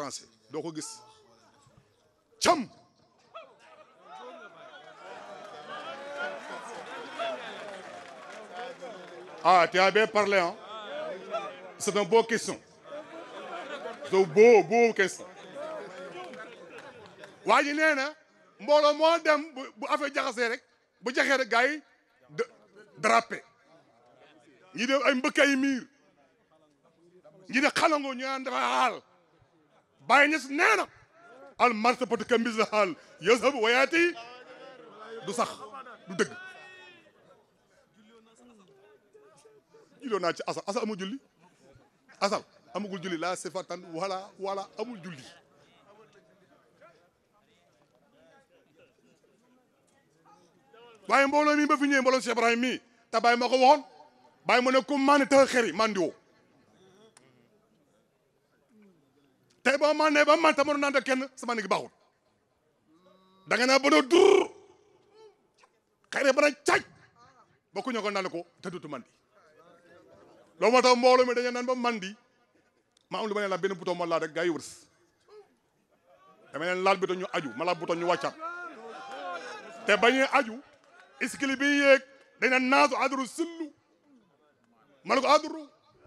français doo ko ah tu as bien parlé hein c'est une bonne question c'est une bonne bonne question waa néna mbolo mo dem bu affaire rek bu jaxé rek gaay drapé ñi ay ñi de ñu باينس نانا المارس بوت كميز حال يذهب وياتي دو صح دو دغ جوليونا تي اصل اصل امو جولي اصل امو جولي لا سيفاتان ولا ولا امو جولي باي مبولو مي با فيني مبولو سي ابراهيم مي تا باي مكو وون باي مونيكو مان تا خيري مانديو tey boo mànnee ba man ta mënu naan kenn sama nigi baaxul da nga naa ba na dur xëy na ba na caaj bokku ñoo ko naan ko te dutu mandi loolu moo tax mbooloo mi dañu naan ba mandi ma am lu ma ne la benn bouton ma laal rek gaa yi wërs laal bouton aju ma laal bouton ñu wàccaat te bañee aju iskili bi yéeg dañ naan naasu adru sillu ma ko adru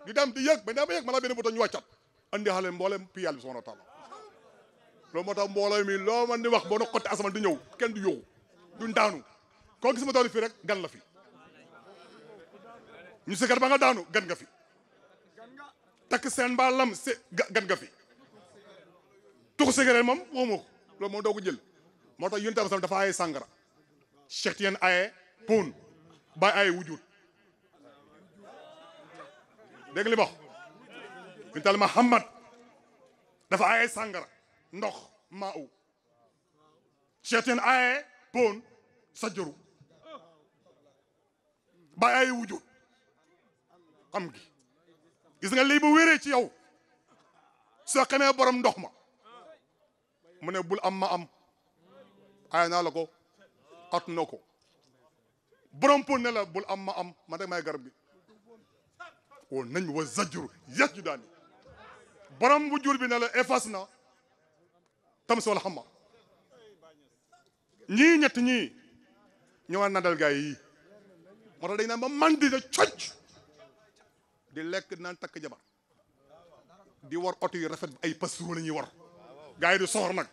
di dem di yëg bañ daa ba yëg ma laal benn bouton ñu wàccaat andi xale mboolem pi yalla subhanahu wa taala lo motax tax mi lo man di wax bo no xoti asama di ñew kenn du yow du daanu ko gis ma doon fi rek gan la fi ñu sikkar ba nga daanu gan nga fi takk seen mbaalam se gan nga fi tux sigaret moom moomoo ko loolu moom doo ko jël moo tax yonent dafa ay sangara Cheikh Tiyaan ay poon bàyyi ay wujur dégg li ma انت محمد دافا اي سانغرا نوخ ماو شيطان اي بون ساجورو با اي وجود امغي غيسنا لي بو ويري سي ياو سخني بروم نوخما من بول ام ما ام اينا لاكو قط نوكو بروم بون نلا بول ام ما ام ما داك ماي غرب بي و نن وزجر يجداني borom bu jur bi na la efface na tams wala xam ma ñii ñett ñii na dal gaa yi moo tax dañ naan ba man di da cocc di lekk naan takk jabar di war oto yu rafet ay pasro la ñuy war gaa yi du soxor nag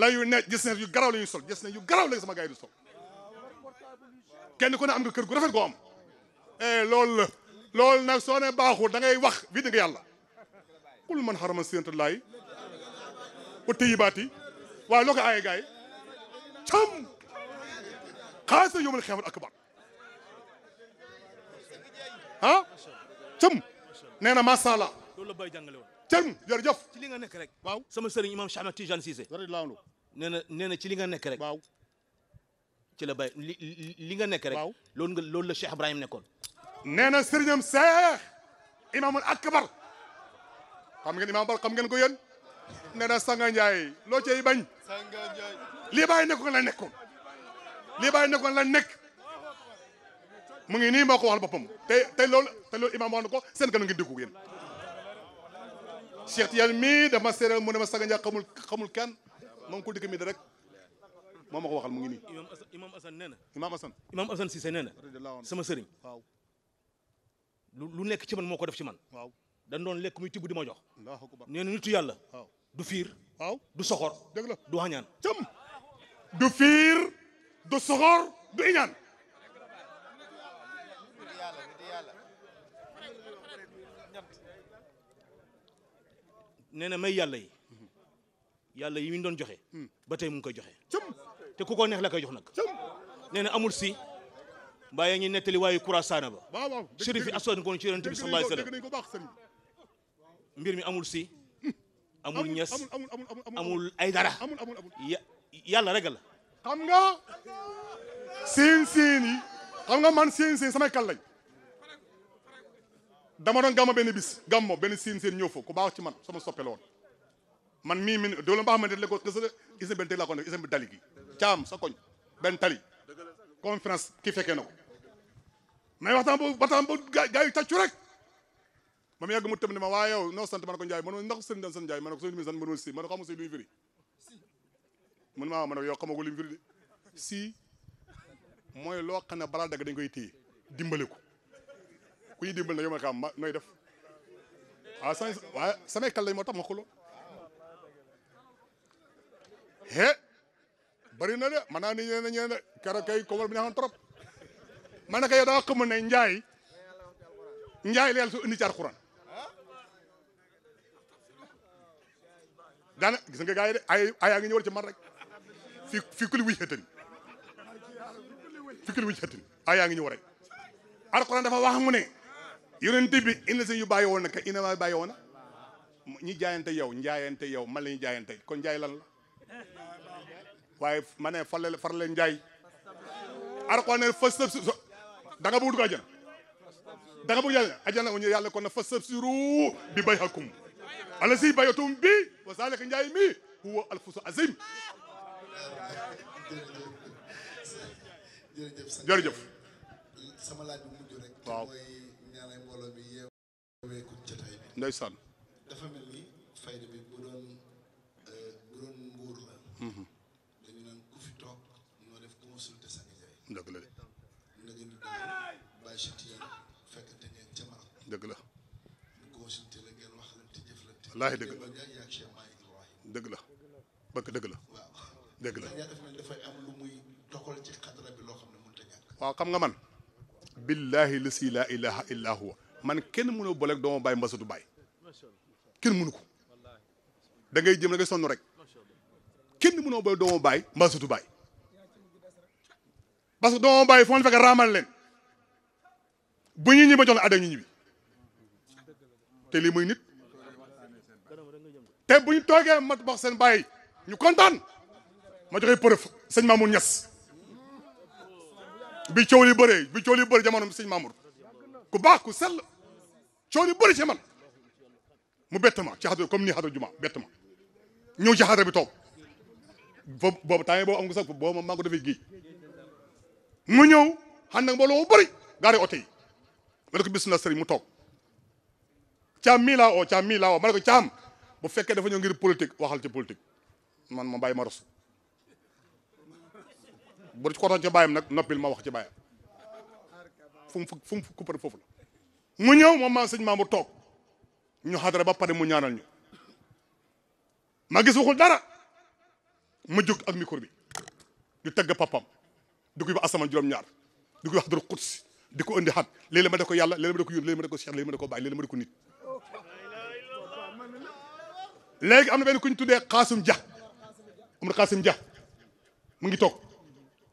la yu ne gis ne yu garaw la sol gis ne yu garaw la sama gaay yi du sol kenn ku ne am nga kër gu rafet goo am eh, loolu la lool nag soo ne baaxul da ngay wax wi di nga yàlla kul man xarama séentulaay wa tëyibaati waaye loo ko aaye gaay cam xaasa yómal xeemal akbar ah, cam nee na macha allah bay jàngale woon cam jërëjëf ci li nga nekk rek waaw sama sëriñ imam Cheikh Ahmed Tidiane Cissé radiyallahu nee na ci li nga nekk rek waaw ci la bay li li nga nekk rek loolu nga loolu la Cheikh Ibrahim nekkoon nee na sëriñam seex imaamul akbar xam ngeen imaam bal xam ngeen ko yéen nee na loo cay bañ lii bàyyi nekkoon la nekkoon lii bàyyi nekkoon la nekk mu ngi nii moo ko waxal boppam tey tey loolu tey loolu imaam wax na ko seen kanam ngi dugg yéen Cheikh Tidiane mii dama seeral mu ne ma sanga njaay xamul xamul kenn moom ku dikk mi da rek moom ko waxal mu ngi nii imaam Assane nee na imaam Assane imaam Assane sama sëriñ waaw lu nekk ci man moo ko def ci man. waaw dañ doon lekk muy tibb di ma jox. nee na nitu yàlla. du fiir. waaw du soxor. dëgg la du wañaan cëm du fiir du soxor du iñaan. nee na may yàlla yi yàlla yi ñu doon joxe. Hmm. ba tey mu koy joxe. te ku ko neex la koy jox nag. nee amul si. bàyyi ñuy nettali waayu Kurasaana ba shérif yi asoon koon ci yonent bi sallallahu alayhi wa sallam mbir mi amul si amul ñes amul ay dara yàlla rek la xam nga seen seen yi xam nga man seen seen samay kan lañ dama doon gàmmo benn bis gàmmo benn seen seen ñëw fa ku baax ci man sama soppe la woon man mii mi doo la mbaax ma ne la ko gis na benn teg laa ko ne is na benn tali gi caam sa koñ benn tali conférence ki fekkee na ko mais waxtaan boobu waxtaan boobu gaa yu tàccu rek ma mu yàgg mu tëm ne ma waa yow noo sant ma ne ko Ndiaye man ndax sëñ dan san Ndiaye ma ne ko sëñ bi sant ma ne si ma ne ko xamu si luy firi man maa ma ne ko yow xamagu luy firi de si mooy loo xam ne balaa dagg dañ koy téye dimbale ko ku ñuy dimbal na yow ma xam ma nooy def waaw ah, sa waaye samay kal lañ moo tax ma xulo he bëri na de man naa ni ñee na ñee na keroog kay ko war bi neexoon trop ma ne ko yow daa xamul ne njaay njaay la yàlla soo indi ci alxuraan daana gis nga gars de ayaa ngi ñëwal ci man rek fi fi kuli wuy xëttani fi kuli wuy xëttani ayaa ngi ñëw rek alxuraan dafa wax mu ne yonente bi indi seen yu bàyyi woon na ka ina maa bàyyi woon ñi jaayante yow njaayante yow man la jaayante kon njaay lan la waaye ma ne farle farle njaay alxuraan ne fa da nga bëgg dugg àjjana da nga bëgg yàlla àjjana mu ñu yàlla kon na fa sabsiru bi bayhakum alasi bayatum bi wa zalika njaay mi huwa alfusu azim jërëjëf jërëjëf laaj bu bi euh, mhm. ku fi toog ñoo def dëgg la. la dëgg la bëgg dëgg la. dëgg la dafay am lu muy loo xam ne mënut a ñàkk. waaw xam nga man. billahi lasi laa ilaha illa huwa man kenn mënoo booleeg doomu baay mbasatu baay kenn mënu ko da ngay jëm da ngay sonn rek kenn mënoo booleeg doomu baay mbasatu baay parce que doomu baay foo leen fekk raamal leen bu ñu ñibba jox la adda ñu ñibbi. te lii muy nit te bu ñu toogee ma wax seen baay ñu kontaan ma joxe preuve sëñ Mamour Niass bi coow li bëree bi coow li bëree jamono bi sëñ ku baax ku sell coow li bëri ci man mu bett ma ci xadra comme nii xadra juma bett ma ñëw ci xadra bi toog boobu boobu temps boobu am nga sax boobu moom maa ko defee géej mu ñëw xam nag bëri gaari oto ma ne ko na sëriñ mu toog càmm mii o oo càmm mii laa oo ma ne ko bu fekkee dafa ñëw ngir politique waxal ci politique man ma bàyyi ma ros bu ci ci bàyyam nag noppil ma wax ci bàyyam fu mu fu mu kuppar foofu la mu ñëw moom maa sëñ Mamour toog ñu xadara ba pare mu ñaanal ñu ma gis waxul dara ma jóg ak micro bi di tëgg papam di ko yóbbu asamaan juróom-ñaar di ko wax dara xutsi di ko indi xat léeg ma def yàlla léeg ma def ko yónni ma def ko Cheikh ma def ko bàyyi léegi am na benn ku ñu tuddee Xaasim Dia Amadou Xaasim Dia mu ngi toog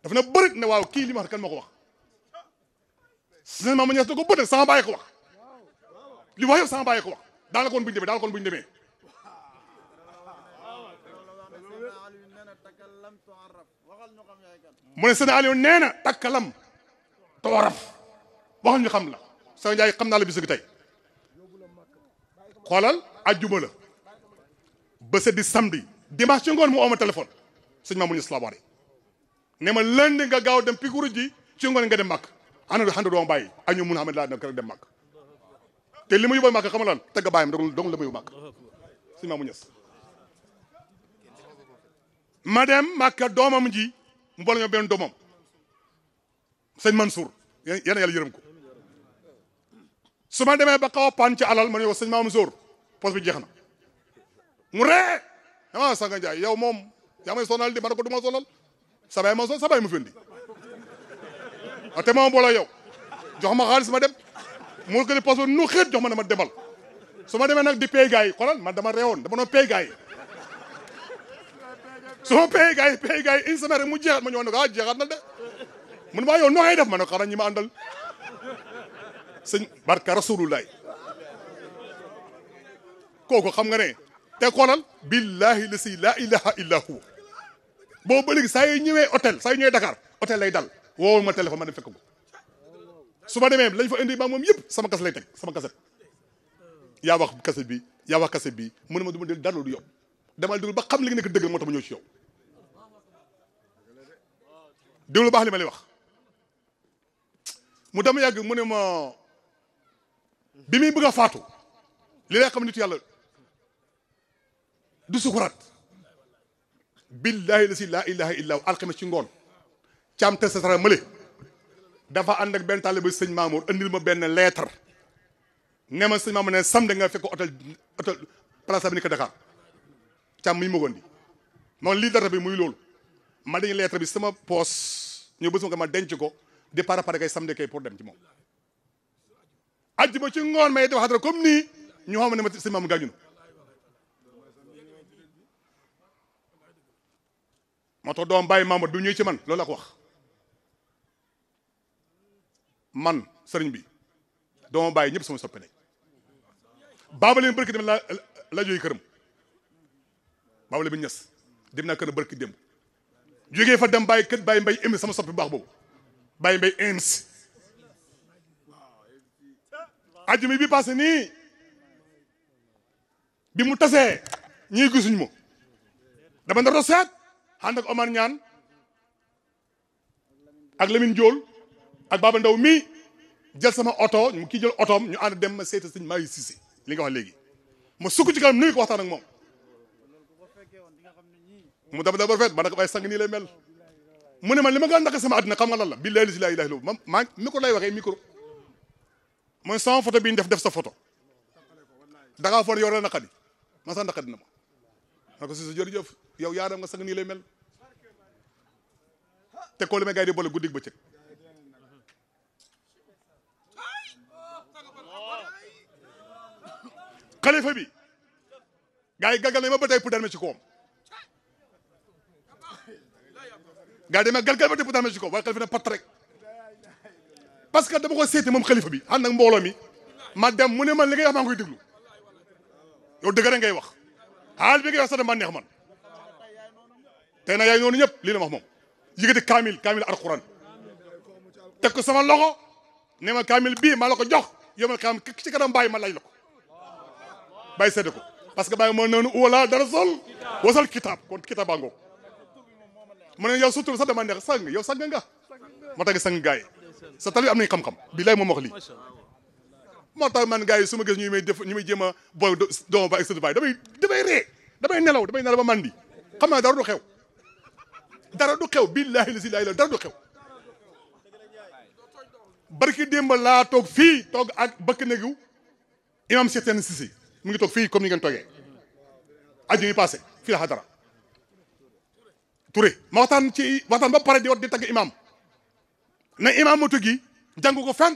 dafa na bëri na waaw kii li ma wax kan ma ko wax sincèrement ma ñëw da ko bëtt sama bàyyi ko wax li wax yëpp sama bàyyi ko wax daal koon bu ñu demee daal la koon bu ñu demee nee na takkalam tooraf waxal ñu xam la sa njaay xam naa la bis gi tey xoolal a la ba di samedi dimanche ci ngoon mu ooma téléphone sëñ Mamour Niass Labaare ne ma lundi nga gaaw dem pikuru ji ci ngoon nga dem màkk ana xanda doom bàyyi añu mun xamat laa dina kër dem màkk te li ma yóbbu màkk xama lan tagga bàyyam dong dong la ma yóbbu màkk sëñ ma dem màkka doomam ji mu boole benn doomam sëñ Mansour yéen yàlla yërëm ko su ma demee ba xaw paan ci alal ma ne yow sëñ Mamour Sour poste bi jeex mu ree dama sanga njaay yow moom yaa may sonal di ma ne ko du ma sonal sabay ma sonal sabay ma fendi a te ma boole yow jox ma xaalis ma dem mu ko di passe nu xeet jox ma ne ma demal su ma demee nag di pay gars yi xoolal man dama reewoon dama doon pay gars yi su ma rek mu jeexat ma ñëw ne ko ah jeexat na de mun maa ah, yow noo def ma ne xanaa ñi ma àndal sëñ barka rasulullah kooku xam nga ne te xoolal billahi la si laa ilaha illa huwa boobu ba léegi saa yoo ñëwee hôtel saa yoo ñëwee Dakar hôtel lay dal woowul ma téléphone ma dem fekk ko su ma demee lañ fa indi maam moom yëpp sama kas lay teg sama kaset yaa wax kaset bi yaa wax kaset bi mu ne ma du ma del dara du yow damal déglu ba xam li nga nekk dëgg moo tax ma ñëw ci yow déglu baax li ma lay wax mu dama yàgg mu ne ma bi muy bëgg a faatu li lay xam nit yàlla du sukuraat billaahi la si laa ilaha illa ci ngoon càmte sa sara mële dafa ànd ak benn taaliba sëñ Maamour andil ma benn lettre ne sëñ Maamour ne sam da nga fekk hôtel hôtel place bi ni ko Dakar càmm mi magoon di lii dara bi muy lool ma dañu lettre bi sama poos ñëw bés ma ko ma denc ko di pare pare kay samedi kay pour dem ci moom ajjuma ci ngoon ma di wax dara comme nii ñu xam ne ma sëñ Maamour gaañu moo tax doom bàyyi maama du ñuy ci man loolu la ko wax man sëriñ bi dooma bàyyi ñëpp sama soppe nañ baaba leen bërki dem la la jógee këram baaba leen bi ñes dem naa këram bërki dem jógee fa dem bàyyi kër bàyyi mbay ems sama soppe bu baax boobu bàyyi mbay ems ajjuma bi passé nii bi mu tasee ñii gisuñ ma dama na roseet ànd ak Omar Ñaan ak Lamine Jool ak Baba Ndaw mii jël sama oto mu kii jël otoom ñu ànd dem ma seeta sëñ Mahi Cissé li nga wax léegi ma sukk ci kanam nuyu ko waxtaan ak moom mu dama dama rafet ma ne ko waaye sang nii lay mel mu ne man li ma gën a sama àddina xam nga lan la billaahi laa ilaaha illallaah ma micro lay waxee micro mooy sama photo bi ñu def def sa photo da ngaa foog ne yow la naqadi man sax naqadi ma na ko yow yaaram nga sang nii lay bi gars yi galgal nañ ma ba tey pour darme ci koom gars yi dama galgal ba tey pour darme ci koom waaye xalifa na pat rek que dama ko seeti moom xalifa bi ànd ak mbooloo mi ma dem mu ne man li ngay wax maa ngi yow dëgg rek ngay wax xaal bi nga yor sax dama neex man tey nag yaay noonu ñëpp lii la wax moom yëkkati kaamil kaamil alquran teg ko sama loxo ne ma kaamil bii maa la ko jox yomal kaam ci kanam bàyyi ma laaj la ko bàyyi sedd ko parce que bàyyi moo noonu wala dara sol wasal kitaab kon kitaab baa ngoog mu ne yow surtout sax dama neex sang yow sang nga moo tax nga sang gaay sa tali am nañ xam-xam bilaay moom wax lii moo tax man gars yi su ma gis ñu may def ñu may jéem a boy dooma ba ak sëtu baay damay damay ree damay nelaw damay nelaw ba man di xam naa dara du xew dara du xew billaahi la si laay la dara du xew barki démb laa toog fii toog ak bëkk néegu imam Cheikh Tidiane Cissé mu ngi toog fii comme ni ngeen toogee aju yi passé fii la xadara Touré moo waxtaan ci waxtaan ba pare di wat di tagg imam na imam ma tuggi jàng ko fenn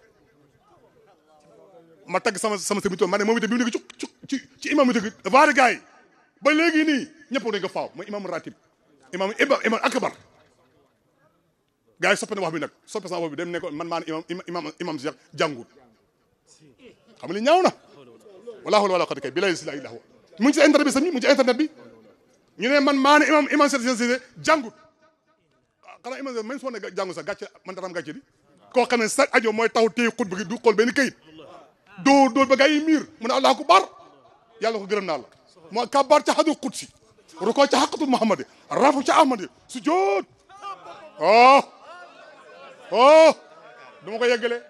ma tagg sama sama sëriñ ma ne moom itam bi mu nekk ci ci ci imam bi dëgg vaari gars yi ba léegi nii ñëpp dañ ko faaw mooy imam ratib imam imam akbar gars yi soppe na wax bi nag soppe sama wax bi dem ne ko man maa ne imam imam imam Cheikh jàngul xam nga li ñaaw na wala hawla wala quwwata kay bi lay si la ilaha mu ngi ci internet bi sami mu ngi ci internet bi ñu ne man maa ne imam imam Cheikh Cissé jàngut ah, xanaa imam même soo ne jàngu sax gàcce man daraam gàcce di koo xam ne sa ajo mooy taw téye xut bi du xool benn kayit dóor dóor ba gars miir mu ne allahu akbar yàlla ko gërëm naa la moo kabar ca xadul qudsi ruko ca xaqatul muhammadi rafu ca ahmadi sujjood oh oh du ko yeggale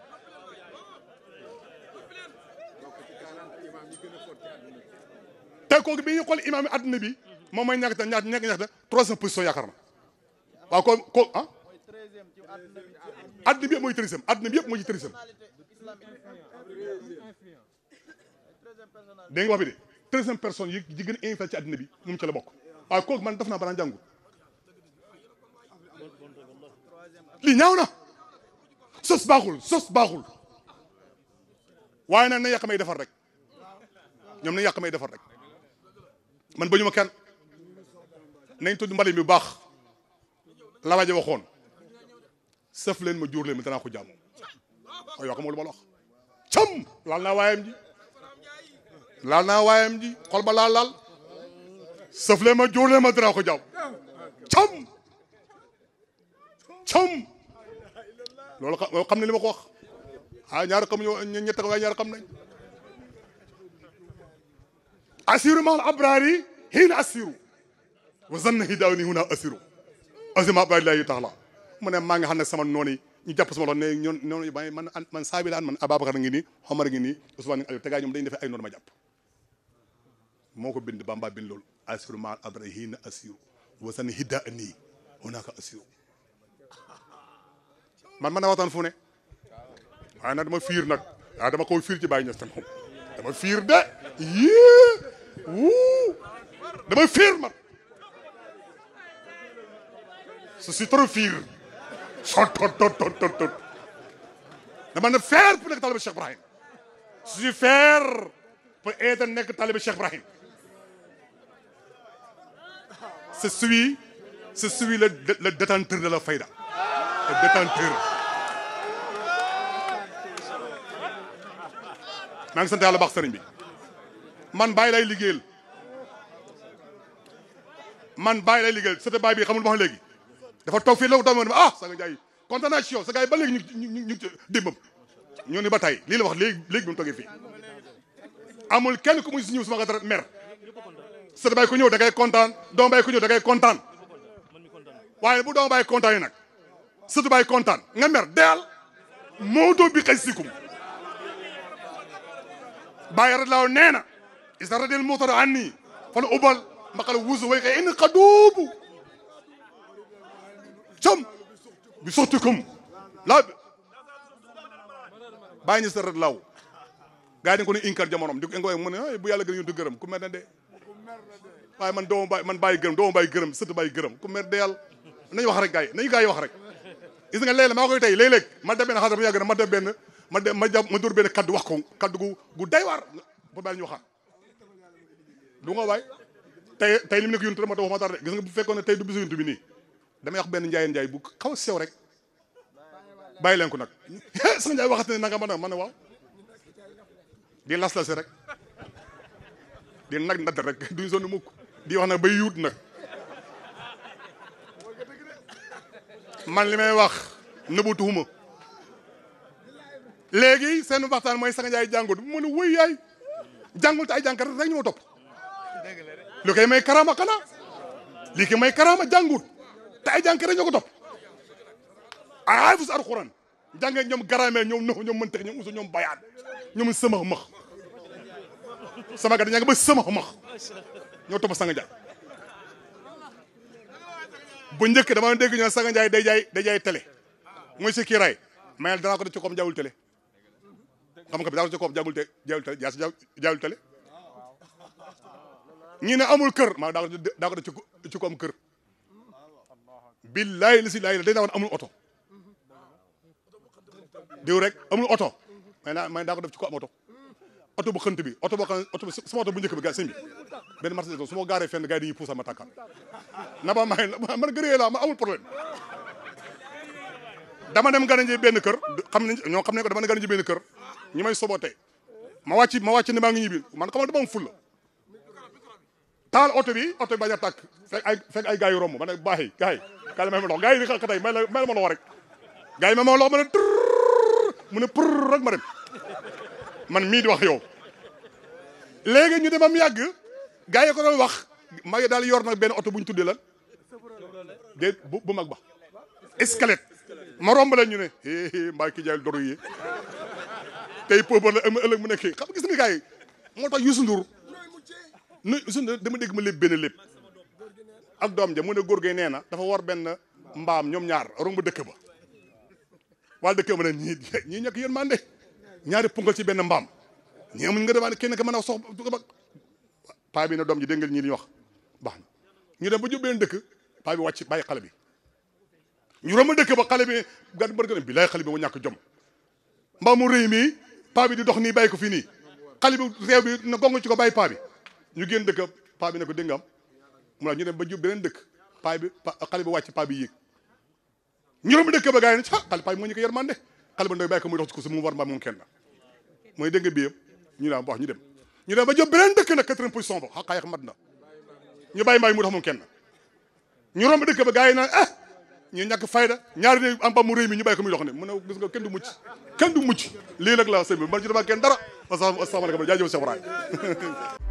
tey kooku bi ñu xool imaam yi adduna bi moom mooy ñàkk ta ñaata position yaakaar na waaw ko ah? mooy treizième adduna bi mooy ci treizième dégg nga wax bi de treizième yi di gën a influé ci àddina bi moom ci la bokk waaye kooku man def naa banaa jàngu li ñaaw na sos baaxul sos baaxul waaye nag na yàq may defar rek ñoom na yàq may defar rek man ba ñu ma kenn nañ tudd mbalim bi bu baax la waaja waxoon sëf leen ma jur leen ma danaa ko waaye yoo xam lu ma la wax cam laal naa waayam ji laal na waayam ji xol ba laal laal sëfle ma jóorle ma dara ko jàpp cam cam loolu xam ne li ma ko wax a ñaar xam ñu ñett waaye ñaar xam nañ asiru maal abrari hiin asiru wa zanna hidaw ni huna asiru asima abrari laahi taala mu ne maa ngi xam ne sama noon yi ñu jàpp sama loxo ne ñoon noonu ba man man saabi laan man Ababacar ngi nii Omar ngi nii Ousmane ngi Aliou tegaa ñoom dañu defee ay noonu ma jàpp moo ko bind Bamba bind loolu asiru maal abra hiina asiru wasan hidda nii honaaka asiru man man naa waxtaan fu ne waaye nag dama fiir nag waaw ah, dama koy fiir ci Baye Niass tam dama fiir de yii wuu dama fiir man su si fiir sot tot tot tot tot tot dama ne faire pour nekk taalibe Cheikh Ibrahim je suis faire pour être nekk taalibe Cheikh Ibrahim je suis je suis le le détenteur de la fayda le détenteur maa ngi sant yàlla baax sëriñ bi man bàyyi lay liggéeyal man bàyyi lay liggéeyal sota bàyyi bi xamul ma léegi dafa tok fi law tamone ah sa Ndiaye kontaan naa sa gars ba leg ñu ñu ñu ni ñoo ne ba tey lii la wax leg leg bu toge fi amul kenn ku muy ñëw sama xarit mer sa bay ku ñëw da ngay contane do bay ku ñëw da ngay contane waye bu do bay contane nak sa sët bay contane nga mer del mooto bi xëy bay bàyyi law neena nee na isa radil moutara an nii fan ubal mbaqal wusu way xëy in qadubu tum bi suxtikum la bàyyi ñu sa rat law gaa yi dañ ko ne inkar jamonom di ko mu ne bu yàlla gën yuntu gërëm ku mer na de waaye man doomu baay man bàyyi gërëm doomu bàyyi gërëm sëtt bàyyi gërëm ku mer de yàlla nañu wax rek gaa nañ nañu yi wax rek gis nga léeg-léeg maa koy tey léeg-léeg ma def benn xasar yàgg ma def benn ma de ma jàpp ma dóor benn kaddu wax ko kaddu gu gu day waar pour bàyyi ñu waxaat du nga waay tey tey li mu nekk ma ta wax ma tar de gis nga bu fekkoon ne tey du bisu yuntu bi nii damay wax benn njaayeen njaay bu xaw sew rek bàyyi leen ko nag sama njaay waxat ne nanga ma ma di las lasi rek di nag natt rek mukk di wax na bay yuut nag man li may wax nëbatuwuma léegi seen waxtaan mooy Sanga Njaay jàngut bu mën a wëy yaay jàngul te ay jànkat rek ñu ma topp lu koy may karaama xanaa lii may karaama jàngut te ay jànkare ñoo ko topp ay xaafis alxuraan jàngee ñoom garaamee ñoom naxu ñoom mëntex ñoom usu ñoom bayaat ñoom sëmax max sama gàtt ñaa ngi ba sëmax max ñoo topp Sanga Njaay bu njëkk dama dégg ñu ne Sanga Njaay day jaay day jaay télé mooy si kiiraay mais danaa ko def ci koom jaawul xam nga bi daa ko def ci koom ne amul kër maa daa ko ci koom kër billaay li si laay la dañ naa na amul oto diw rek amul oto may naa may daa def ci ko am oto oto bu xënt bi oto boo xam oto bi sama oto bu njëkk bi ga sëñ bi benn marché su ma gaaree fenn gars yi dañuy puusal ma tàkkaat na ba may man gër laa ma amul problème dama dem gana ji benn kër xam nañ ñoo xam ne ko dama dem gana ji benn kër ñi may sobotee ma wàcc ma wàcc ne maa ngi ñibbi man xam nga dama am taal oto bi oto bi bañ a tàkk fekk ay fekk ay gars yu romb ma ne baax yi gars yi kaay may ma lox gars yi di xaq tey may la may la ma lox rek gars yi may ma lox ma ne trrr mu ne prrr rek ma dem man mii di wax yow léegi ñu demam yàgg gars yi ko doon wax mag daal yor nag benn oto bu ñu tuddee lan de bu bu mag ba escalette ma romb leen ñu ne é mbaa ki jaay doru yi tey pauvre la ëllëg mu nekk xam gis nga gars yi moo tax Youssou Ndour nu su dama dégg ma lépp benn lépp ak doom ja mu ne góor gay nee na dafa war benn mbaam ñoom ñaar romb dëkk ba waa dëkk ba na ñii ñii ñàkk yéen mande ñaari punkal ci benn mbaam ñii amuñ nga demande kenn ka mën a sox paa bi ne doom ji de nga ñii li ñu wax baax na ñu dem ba jub benn dëkk paa bi wàcc bàyyi xale bi ñu romb dëkk ba xale bi gàtt bërka bi laay xale bi mu ñàkk jom mbaa mu rëy mii paa bi di dox nii bàyyi ko fii nii xale bi réew bi na gongu ci ko bàyyi paa bi ñu génn dëkk paa bi ne ko dégg nga am ne ñu dem ba jub beneen dëkk paa bi xale bi wàcc paa bi yéeg ñuróm dëkk ba gars yi ne ah xale paa bi moo ñu ko yermande xale ba ndoy bàyyi ko muy dox mooy dégg nga ñu daam wax ñu dem ñu dem ba jub beneen dëkk nag quatrième position ba ah, xaqaa yax mat na ñu bàyyi mbaay mu dox kenn ñu romb dëkk ba gars yi naan ah ñu ñàkk fayda ñaari ne am ba mu réy ñu bàyyi ko muy dox ne mu ne gis nga kenn du mucc kenn du mucc lii nag la sëñ bi man ci dama kenn dara asalaamaaleykum jaajëf Cheikh Ibrahima